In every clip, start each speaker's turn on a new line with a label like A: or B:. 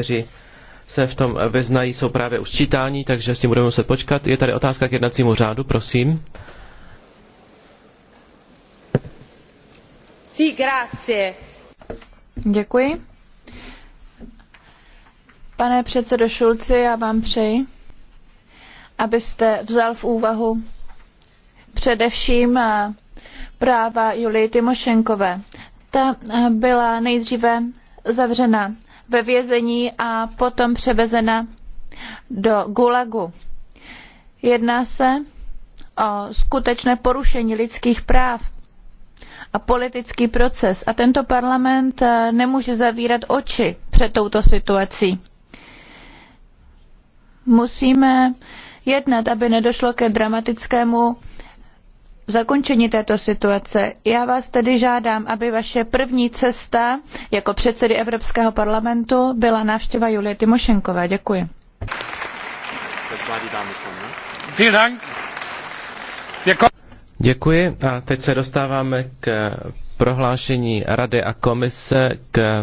A: kteří se v tom vyznají, jsou právě už čítání, takže s tím budeme muset počkat. Je tady otázka k jednacímu řádu, prosím.
B: Sí, grazie. Děkuji. Pane předsedo Šulci, já vám přeji, abyste vzal v úvahu především eh, práva Julii Tymošenkové. Ta eh, byla nejdříve zavřena ve vězení a potom převezena do Gulagu. Jedná se o skutečné porušení lidských práv a politický proces. A tento parlament eh, nemůže zavírat oči před touto situací. Musíme jednat, aby nedošlo ke dramatickému zakončení této situace. Já vás tedy žádám, aby vaše první cesta jako předsedy Evropského parlamentu byla návštěva Julie Tymošenkové. Děkuji.
A: Děkuji a teď se dostáváme k prohlášení Rady a komise k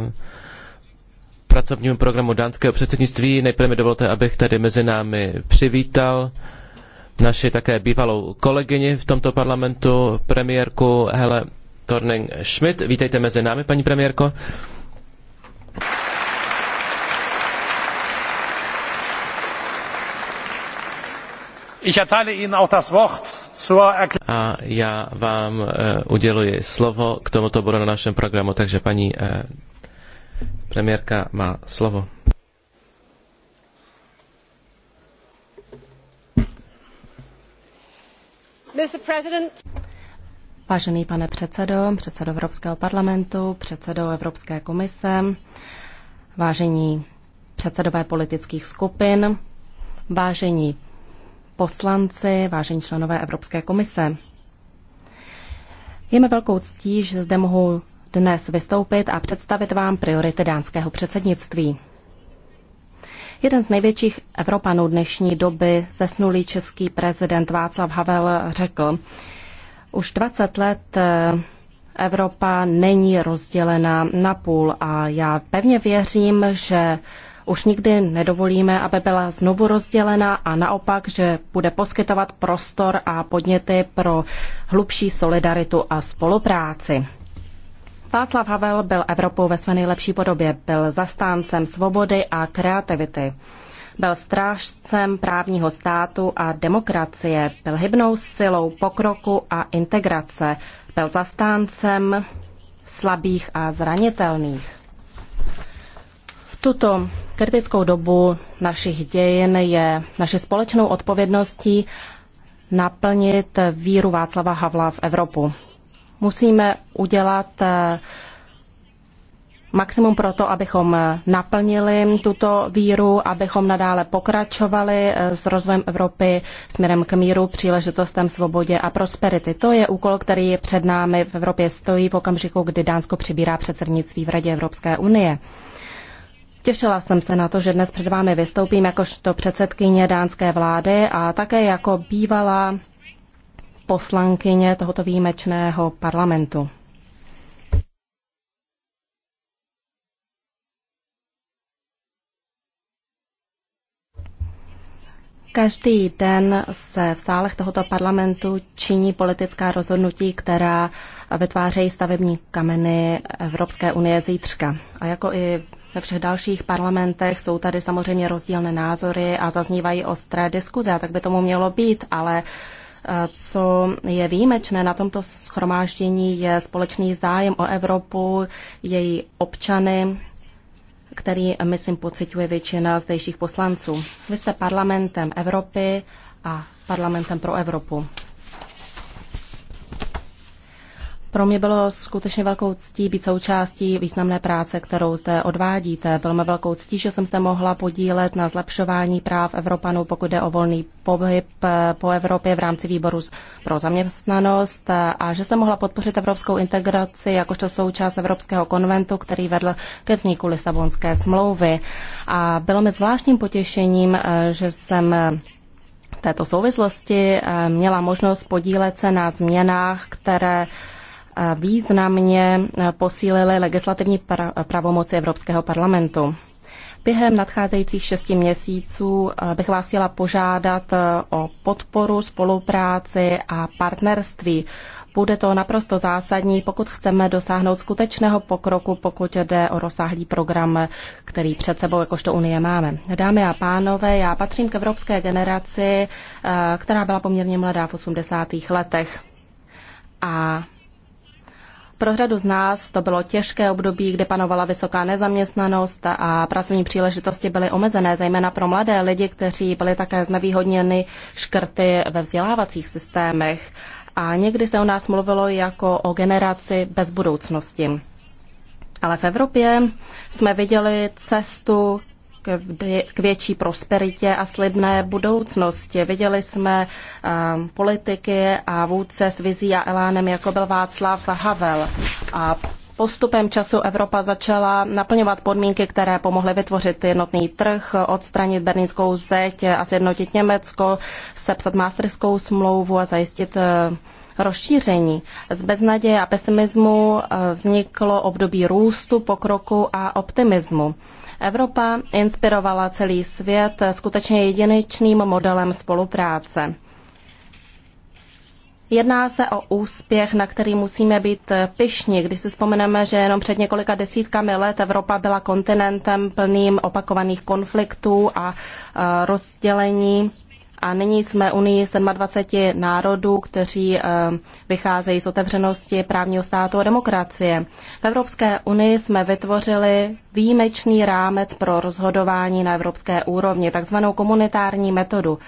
A: pracovnímu programu dánského předsednictví. Nejprve mi dovolte, abych tady mezi námi přivítal naši také bývalou kolegyni v tomto parlamentu, premiérku Hele Torning Schmidt. Vítejte mezi námi, paní premiérko. Ich erteile Ihnen auch das Wort zur A já vám eh, uděluji slovo k tomuto bodu na našem programu, takže paní eh, premiérka má slovo.
B: Vážený pane předsedo, předsedo Evropského parlamentu, předsedo Evropské komise, vážení předsedové politických skupin, vážení poslanci, vážení členové Evropské komise. Je mi velkou ctí, že zde mohu dnes vystoupit a představit vám priority dánského předsednictví. Jeden z největších Evropanů dnešní doby, zesnulý český prezident Václav Havel, řekl, už 20 let eh, Evropa není rozdělena na půl a já pevně věřím, že už nikdy nedovolíme, aby byla znovu rozdělena a naopak, že bude poskytovat prostor a podněty pro hlubší solidaritu a spolupráci. Václav Havel byl Evropou ve své nejlepší podobě, byl zastáncem svobody a kreativity. Byl strážcem právního státu a demokracie, byl hybnou silou pokroku a integrace, byl zastáncem slabých a zranitelných. V tuto kritickou dobu našich dějin je naše společnou odpovědností naplnit víru Václava Havla v Evropu musíme udělat eh, maximum pro to, abychom eh, naplnili tuto víru, abychom nadále pokračovali eh, s rozvojem Evropy směrem k míru, příležitostem, svobodě a prosperity. To je úkol, který před námi v Evropě stojí v okamžiku, kdy Dánsko přibírá předsednictví v Radě Evropské unie. Těšila jsem se na to, že dnes před vámi vystoupím jakožto předsedkyně dánské vlády a také jako bývalá poslankyně tohoto výjimečného parlamentu. Každý den se v sálech tohoto parlamentu činí politická rozhodnutí, která vytvářejí stavební kameny Evropské unie zítřka. A jako i ve všech dalších parlamentech jsou tady samozřejmě rozdílné názory a zaznívají ostré diskuze, a tak by tomu mělo být, ale co je výjimečné na tomto schromáždění, je společný zájem o Evropu, její občany, který, myslím, pociťuje většina zdejších poslanců. Vy jste parlamentem Evropy a parlamentem pro Evropu. Pro mě bylo skutečně velkou ctí být součástí významné práce, kterou zde odvádíte. Bylo mi velkou ctí, že jsem se mohla podílet na zlepšování práv Evropanů, pokud jde o volný pohyb eh, po Evropě v rámci výboru pro zaměstnanost eh, a že jsem mohla podpořit evropskou integraci jakožto součást Evropského konventu, který vedl ke vzniku Lisabonské smlouvy. A bylo mi zvláštním potěšením, eh, že jsem této souvislosti měla možnost podílet se na změnách, které významně posílily legislativní pravomoci Evropského parlamentu. Během nadcházejících šesti měsíců eh, bych vás chtěla požádat eh, o podporu, spolupráci a partnerství. Bude to naprosto zásadní, pokud chceme dosáhnout skutečného pokroku, pokud jde o rozsáhlý program, který před sebou jakožto Unie máme. Dámy a pánové, já patřím k evropské generaci, eh, která byla poměrně mladá v 80. letech. A pro řadu z nás to bylo těžké období, kde panovala vysoká nezaměstnanost a pracovní příležitosti byly omezené, zejména pro mladé lidi, kteří byli také znevýhodněni škrty ve vzdělávacích systémech. A někdy se o nás mluvilo jako o generaci bez budoucnosti. Ale v Evropě jsme viděli cestu k větší prosperitě a slibné budoucnosti. Viděli jsme um, politiky a vůdce s vizí a elánem, jako byl Václav Havel. A Postupem času Evropa začala naplňovat podmínky, které pomohly vytvořit jednotný trh, odstranit berlínskou zeď a sjednotit Německo, sepsat masterskou smlouvu a zajistit rozšíření. Z beznaděje a pesimismu eh, vzniklo období růstu, pokroku a optimismu. Evropa inspirovala celý svět skutečně jedinečným modelem spolupráce. Jedná se o úspěch, na který musíme být pyšní, když si vzpomeneme, že jenom před několika desítkami let Evropa byla kontinentem plným opakovaných konfliktů a eh, rozdělení a nyní jsme Unii 27 národů, kteří eh, vycházejí z otevřenosti právního státu a demokracie. V Evropské unii jsme vytvořili výjimečný rámec pro rozhodování na evropské úrovni, takzvanou komunitární metodu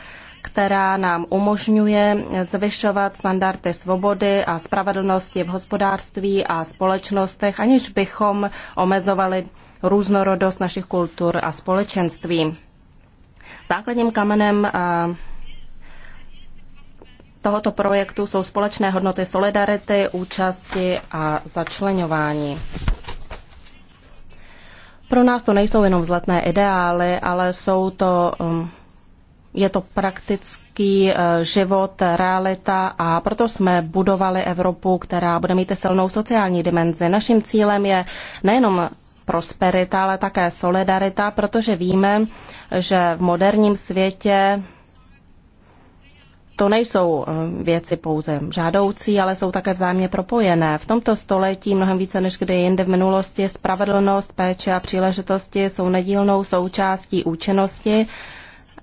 B: která nám umožňuje zvyšovat standardy svobody a spravedlnosti v hospodářství a společnostech, aniž bychom omezovali různorodost našich kultur a společenství. Základním kamenem eh, tohoto projektu jsou společné hodnoty solidarity, účasti a začlenování. Pro nás to nejsou jenom vzletné ideály, ale jsou to, um, je to praktický eh, život, realita a proto jsme budovali Evropu, která bude mít silnou sociální dimenzi. Naším cílem je nejenom prosperita, ale také solidarita, protože víme, že v moderním světě to nejsou eh, věci pouze žádoucí, ale jsou také vzájemně propojené. V tomto století mnohem více než kdy jinde v minulosti spravedlnost, péče a příležitosti jsou nedílnou součástí účinnosti.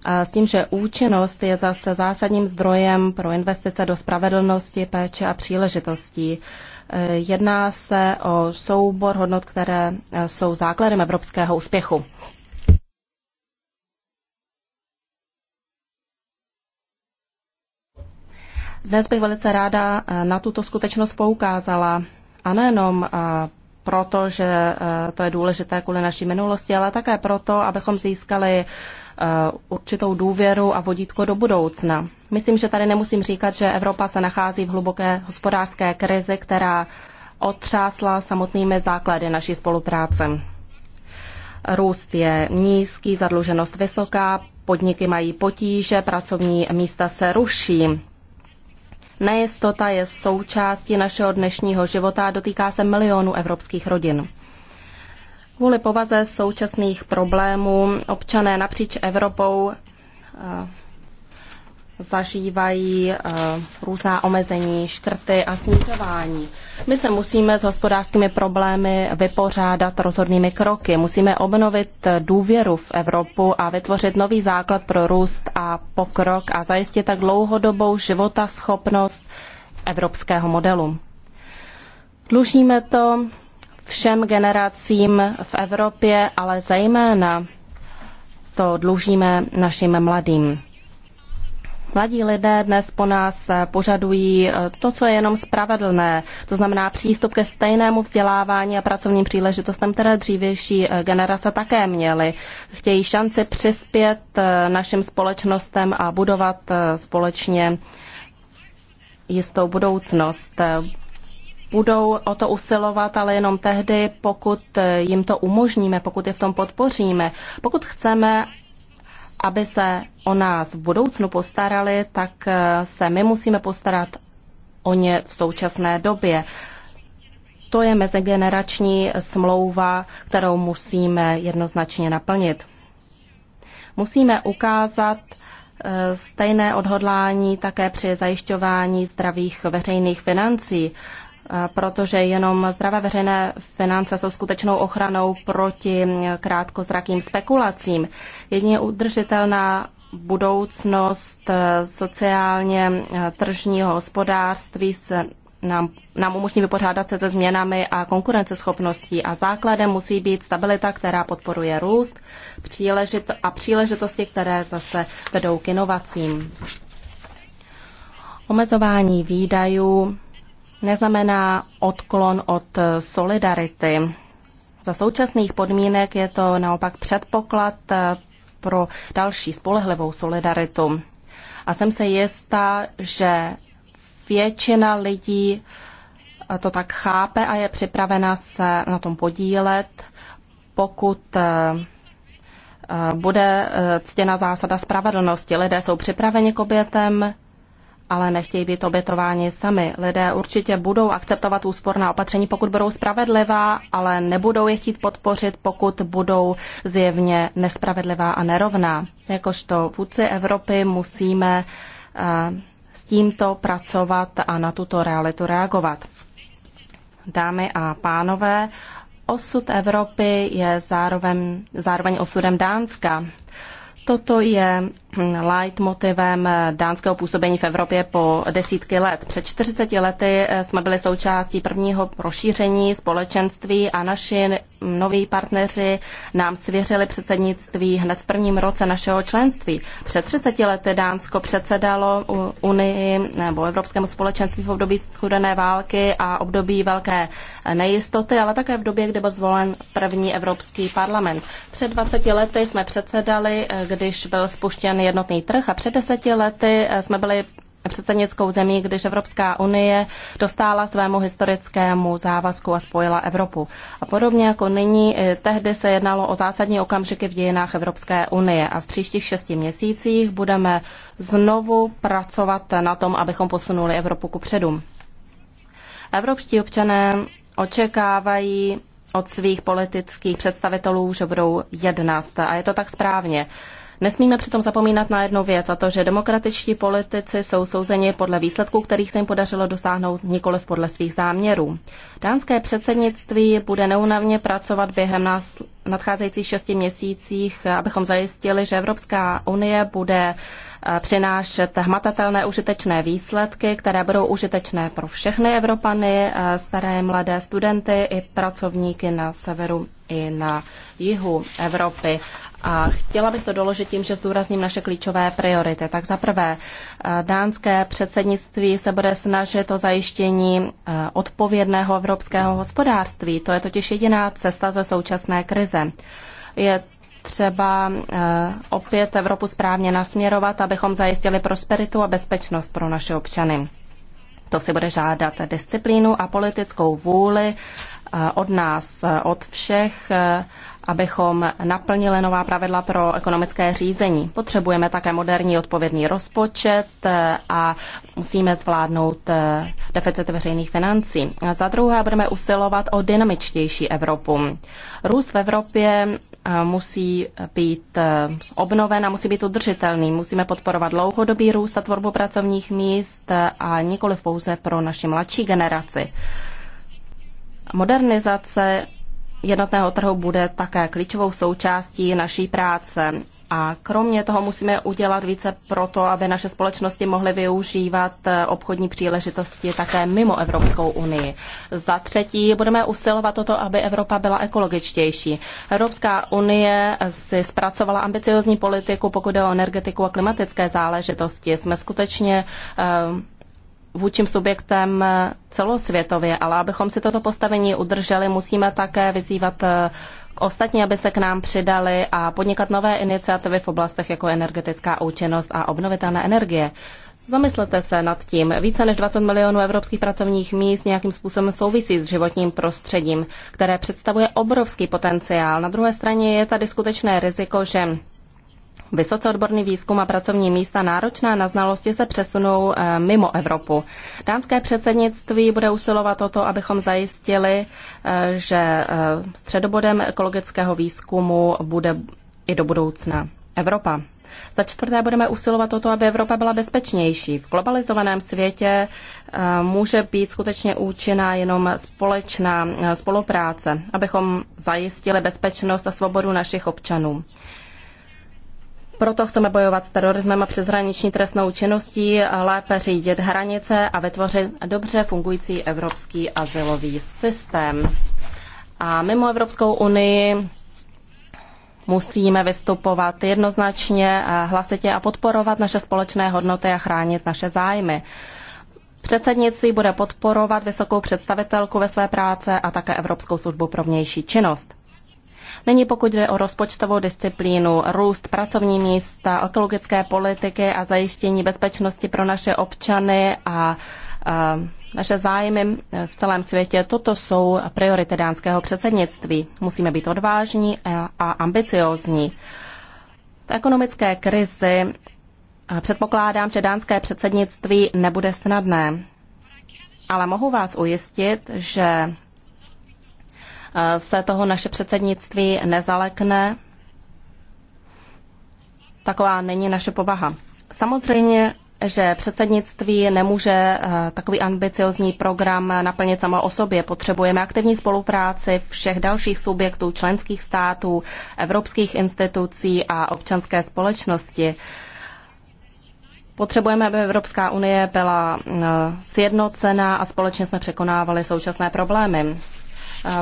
B: A s tím, že účinnost je zase zásadním zdrojem pro investice do spravedlnosti, péče a příležitostí. Jedná se o soubor hodnot, které e, jsou základem evropského úspěchu. Dnes bych velice ráda e, na tuto skutečnost poukázala. A nejenom e, proto, že to je důležité kvůli naší minulosti, ale také proto, abychom získali určitou důvěru a vodítko do budoucna. Myslím, že tady nemusím říkat, že Evropa se nachází v hluboké hospodářské krizi, která otřásla samotnými základy naší spolupráce. Růst je nízký, zadluženost vysoká, podniky mají potíže, pracovní místa se ruší. Nejistota je součástí našeho dnešního života a dotýká se milionů evropských rodin. Kvůli povaze současných problémů občané napříč Evropou eh, zažívají eh, různá omezení, škrty a snižování. My se musíme s hospodářskými problémy vypořádat rozhodnými kroky. Musíme obnovit důvěru v Evropu a vytvořit nový základ pro růst a pokrok a zajistit tak dlouhodobou životaschopnost evropského modelu. Dlužíme to všem generacím v Evropě, ale zejména to dlužíme našim mladým. Mladí lidé dnes po nás eh, požadují eh, to, co je jenom spravedlné, to znamená přístup ke stejnému vzdělávání a pracovním příležitostem, které dřívější eh, generace také měly. Chtějí šanci přispět našim společnostem a budovat společně jistou budoucnost. Budou o to usilovat, ale jenom tehdy, pokud jim to umožníme, pokud je v tom podpoříme. Pokud chceme, aby se o nás v budoucnu postarali, tak eh, se my musíme postarat o ně v současné době. To je mezigenerační smlouva, kterou musíme jednoznačně naplnit. Musíme ukázat eh, stejné odhodlání také při zajišťování zdravých veřejných financí protože jenom zdravé veřejné finance jsou skutečnou ochranou proti krátkozrakým spekulacím. Jedině udržitelná budoucnost eh, sociálně eh, tržního hospodářství se nám, nám umožní vypořádat se se změnami a konkurenceschopností a základem musí být stabilita, která podporuje růst příležit a příležitosti, které zase vedou k inovacím. Omezování výdajů neznamená odklon od solidarity. Za současných podmínek je to naopak předpoklad pro další spolehlivou solidaritu. A jsem se jistá, že většina lidí to tak chápe a je připravena se na tom podílet, pokud eh, eh, bude eh, ctěna zásada spravedlnosti. Lidé jsou připraveni k obětem, ale nechtějí být obětováni sami. Lidé určitě budou akceptovat úsporná opatření, pokud budou spravedlivá, ale nebudou je chtít podpořit, pokud budou zjevně nespravedlivá a nerovná. Jakožto vůdci Evropy musíme eh, s tímto pracovat a na tuto realitu reagovat. Dámy a pánové, osud Evropy je zároveň, zároveň osudem Dánska. Toto je leitmotivem dánského působení v Evropě po desítky let. Před 40 lety eh, jsme byli součástí prvního rozšíření společenství a naši noví partneři nám svěřili předsednictví hned v prvním roce našeho členství. Před 30 lety Dánsko předsedalo Unii nebo Evropskému společenství v období studené války a období velké nejistoty, ale také v době, kdy byl zvolen první Evropský parlament. Před 20 lety jsme předsedali, eh, když byl spuštěn jednotný trh a před deseti lety eh, jsme byli předsednickou zemí, když Evropská unie dostála svému historickému závazku a spojila Evropu. A podobně jako nyní, tehdy se jednalo o zásadní okamžiky v dějinách Evropské unie a v příštích šesti měsících budeme znovu pracovat na tom, abychom posunuli Evropu ku předu. Evropští občané očekávají od svých politických představitelů, že budou jednat. A je to tak správně. Nesmíme přitom zapomínat na jednu věc, a to, že demokratičtí politici jsou souzeni podle výsledků, kterých se jim podařilo dosáhnout, nikoli podle svých záměrů. Dánské předsednictví bude neunavně pracovat během nás nadcházejících šesti měsících, abychom zajistili, že Evropská unie bude eh, přinášet hmatatelné užitečné výsledky, které budou užitečné pro všechny Evropany, eh, staré, mladé studenty i pracovníky na severu i na jihu Evropy. A chtěla bych to doložit tím, že zdůrazním naše klíčové priority. Tak za prvé, eh, dánské předsednictví se bude snažit o zajištění eh, odpovědného evropského hospodářství. To je totiž jediná cesta ze současné krize. Je třeba eh, opět Evropu správně nasměrovat, abychom zajistili prosperitu a bezpečnost pro naše občany. To si bude žádat disciplínu a politickou vůli od nás, od všech abychom naplnili nová pravidla pro ekonomické řízení. Potřebujeme také moderní odpovědný rozpočet eh, a musíme zvládnout eh, deficit veřejných financí. Za druhé budeme usilovat o dynamičtější Evropu. Růst v Evropě eh, musí být obnoven a musí být udržitelný. Musíme podporovat dlouhodobý růst a tvorbu pracovních míst a nikoli pouze pro naši mladší generaci. Modernizace jednotného trhu bude také klíčovou součástí naší práce. A kromě toho musíme udělat více pro to, aby naše společnosti mohly využívat eh, obchodní příležitosti také mimo Evropskou unii. Za třetí budeme usilovat o to, aby Evropa byla ekologičtější. Evropská unie si zpracovala ambiciozní politiku, pokud jde o energetiku a klimatické záležitosti. Jsme skutečně eh, vůči subjektem celosvětově, ale abychom si toto postavení udrželi, musíme také vyzývat eh, k ostatní, aby se k nám přidali a podnikat nové iniciativy v oblastech jako energetická účinnost a obnovitelné energie. Zamyslete se nad tím. Více než 20 milionů evropských pracovních míst nějakým způsobem souvisí s životním prostředím, které představuje obrovský potenciál. Na druhé straně je tady skutečné riziko, že vysoce odborný výzkum a pracovní místa náročná na znalosti se přesunou eh, mimo Evropu. Dánské předsednictví bude usilovat o to, abychom zajistili, eh, že eh, středobodem ekologického výzkumu bude i do budoucna Evropa. Za čtvrté budeme usilovat o to, aby Evropa byla bezpečnější. V globalizovaném světě může být skutečně účinná jenom společná spolupráce, abychom zajistili bezpečnost a svobodu našich občanů. Proto chceme bojovat s terorismem a přeshraniční trestnou činností, lépe řídit hranice a vytvořit dobře fungující evropský azylový systém. A mimo Evropskou unii musíme vystupovat jednoznačně, hlasitě a podporovat naše společné hodnoty a chránit naše zájmy. Předsednictví bude podporovat vysokou představitelku ve své práce a také Evropskou službu pro vnější činnost. Nyní pokud jde o rozpočtovou disciplínu, růst pracovní místa, ekologické politiky a zajištění bezpečnosti pro naše občany a, a naše zájmy v celém světě, toto jsou priority dánského předsednictví. Musíme být odvážní a, a ambiciózní. V ekonomické krizi předpokládám, že dánské předsednictví nebude snadné. Ale mohu vás ujistit, že Eh, se toho naše předsednictví nezalekne. Taková není naše povaha. Samozřejmě, že předsednictví nemůže eh, takový ambiciozní program naplnit samo o sobě. Potřebujeme aktivní spolupráci všech dalších subjektů, členských států, evropských institucí a občanské společnosti. Potřebujeme, aby Evropská unie byla eh, sjednocená a společně jsme překonávali současné problémy.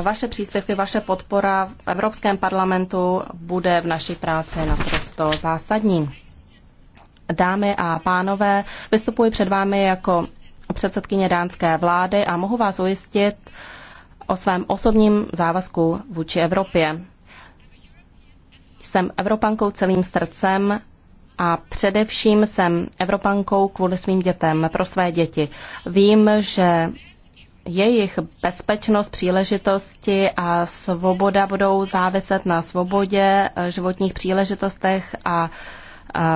B: Vaše příspěvky, vaše podpora v Evropském parlamentu bude v naší práci naprosto zásadní. Dámy a pánové, vystupuji před vámi jako předsedkyně dánské vlády a mohu vás ujistit o svém osobním závazku vůči Evropě. Jsem Evropankou celým srdcem a především jsem Evropankou kvůli svým dětem, pro své děti. Vím, že jejich bezpečnost, příležitosti a svoboda budou záviset na svobodě, eh, životních příležitostech a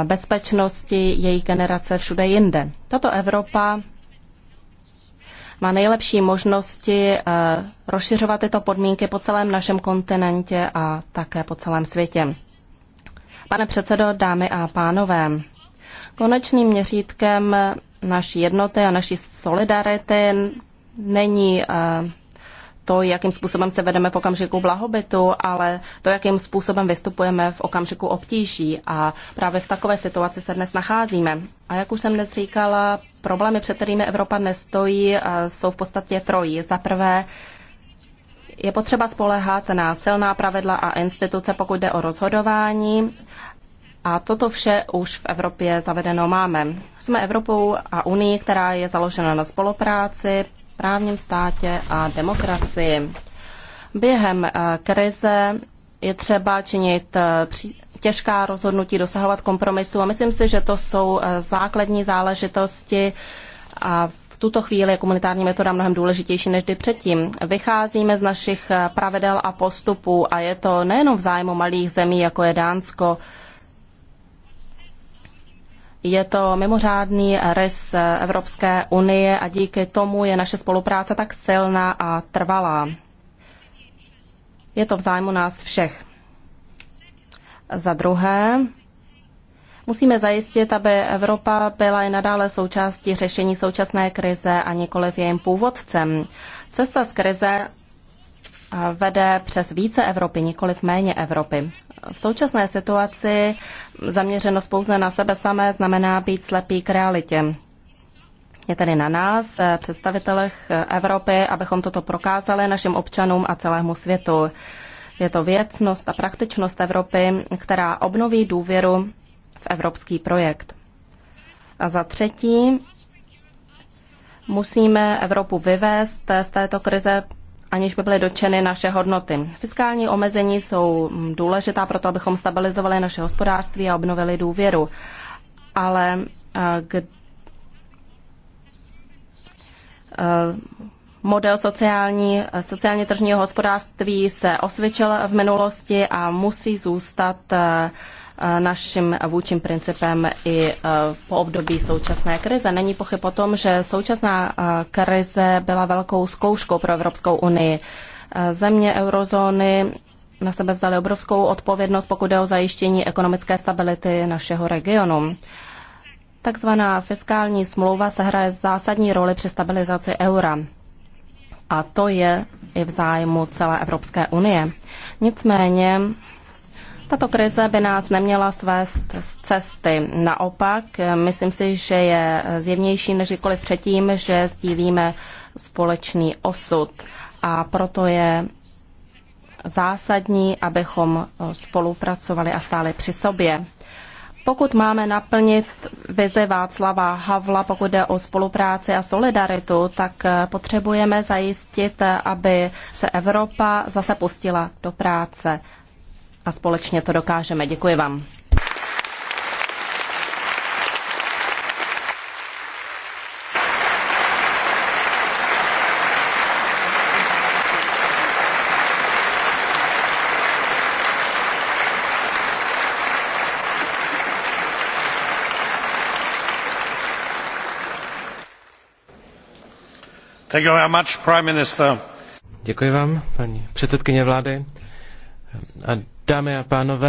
B: bezpečnosti jejich generace všude jinde. Tato Evropa má nejlepší možnosti eh, rozšiřovat tyto podmínky po celém našem kontinentě a také po celém světě. Pane předsedo, dámy a pánové, konečným měřítkem naší jednoty a naší solidarity není eh, to, jakým způsobem se vedeme v okamžiku blahobytu, ale to, jakým způsobem vystupujeme v okamžiku obtíží. A právě v takové situaci se dnes nacházíme. A jak už jsem dnes říkala, problémy, před kterými Evropa nestojí, eh, jsou v podstatě trojí. Za prvé, je potřeba spolehat na silná pravidla a instituce, pokud jde o rozhodování. A toto vše už v Evropě zavedeno máme. Jsme Evropou a Unii, která je založena na spolupráci, právním státě a demokracii. Během eh, krize je třeba činit eh, těžká rozhodnutí, dosahovat kompromisu a myslím si, že to jsou eh, základní záležitosti a v tuto chvíli je komunitární metoda mnohem důležitější než kdy předtím. Vycházíme z našich pravidel a postupů a je to nejenom v zájmu malých zemí, jako je Dánsko, je to mimořádný rys Evropské unie a díky tomu je naše spolupráce tak silná a trvalá. Je to v zájmu nás všech. Za druhé, musíme zajistit, aby Evropa byla i nadále součástí řešení současné krize a nikoliv jejím původcem. Cesta z krize vede přes více Evropy, nikoliv méně Evropy. V současné situaci zaměřenost pouze na sebe samé znamená být slepý k realitě. Je tedy na nás, eh, představitelech eh, Evropy, abychom toto prokázali našim občanům a celému světu. Je to věcnost a praktičnost Evropy, která obnoví důvěru v evropský projekt. A za třetí, musíme Evropu vyvést z této krize aniž by byly dočeny naše hodnoty. Fiskální omezení jsou důležitá proto, abychom stabilizovali naše hospodářství a obnovili důvěru. Ale eh, k... Eh, model sociální, sociálně tržního hospodářství se osvědčil v minulosti a musí zůstat uh, naším vůčím principem i e, po období současné krize. Není pochyb o tom, že současná e, krize byla velkou zkouškou pro Evropskou unii. E, země eurozóny na sebe vzali obrovskou odpovědnost, pokud jde o zajištění ekonomické stability našeho regionu. Takzvaná fiskální smlouva se hraje zásadní roli při stabilizaci eura. A to je i v zájmu celé Evropské unie. Nicméně tato krize by nás neměla svést z cesty. Naopak, myslím si, že je zjevnější než kdykoliv předtím, že sdílíme společný osud. A proto je zásadní, abychom spolupracovali a stáli při sobě. Pokud máme naplnit vizi Václava Havla, pokud jde o spolupráci a solidaritu, tak potřebujeme zajistit, aby se Evropa zase pustila do práce a společně to dokážeme. Děkuji vám.
A: Děkuji vám, paní předsedkyně vlády. A Dámy a pánové,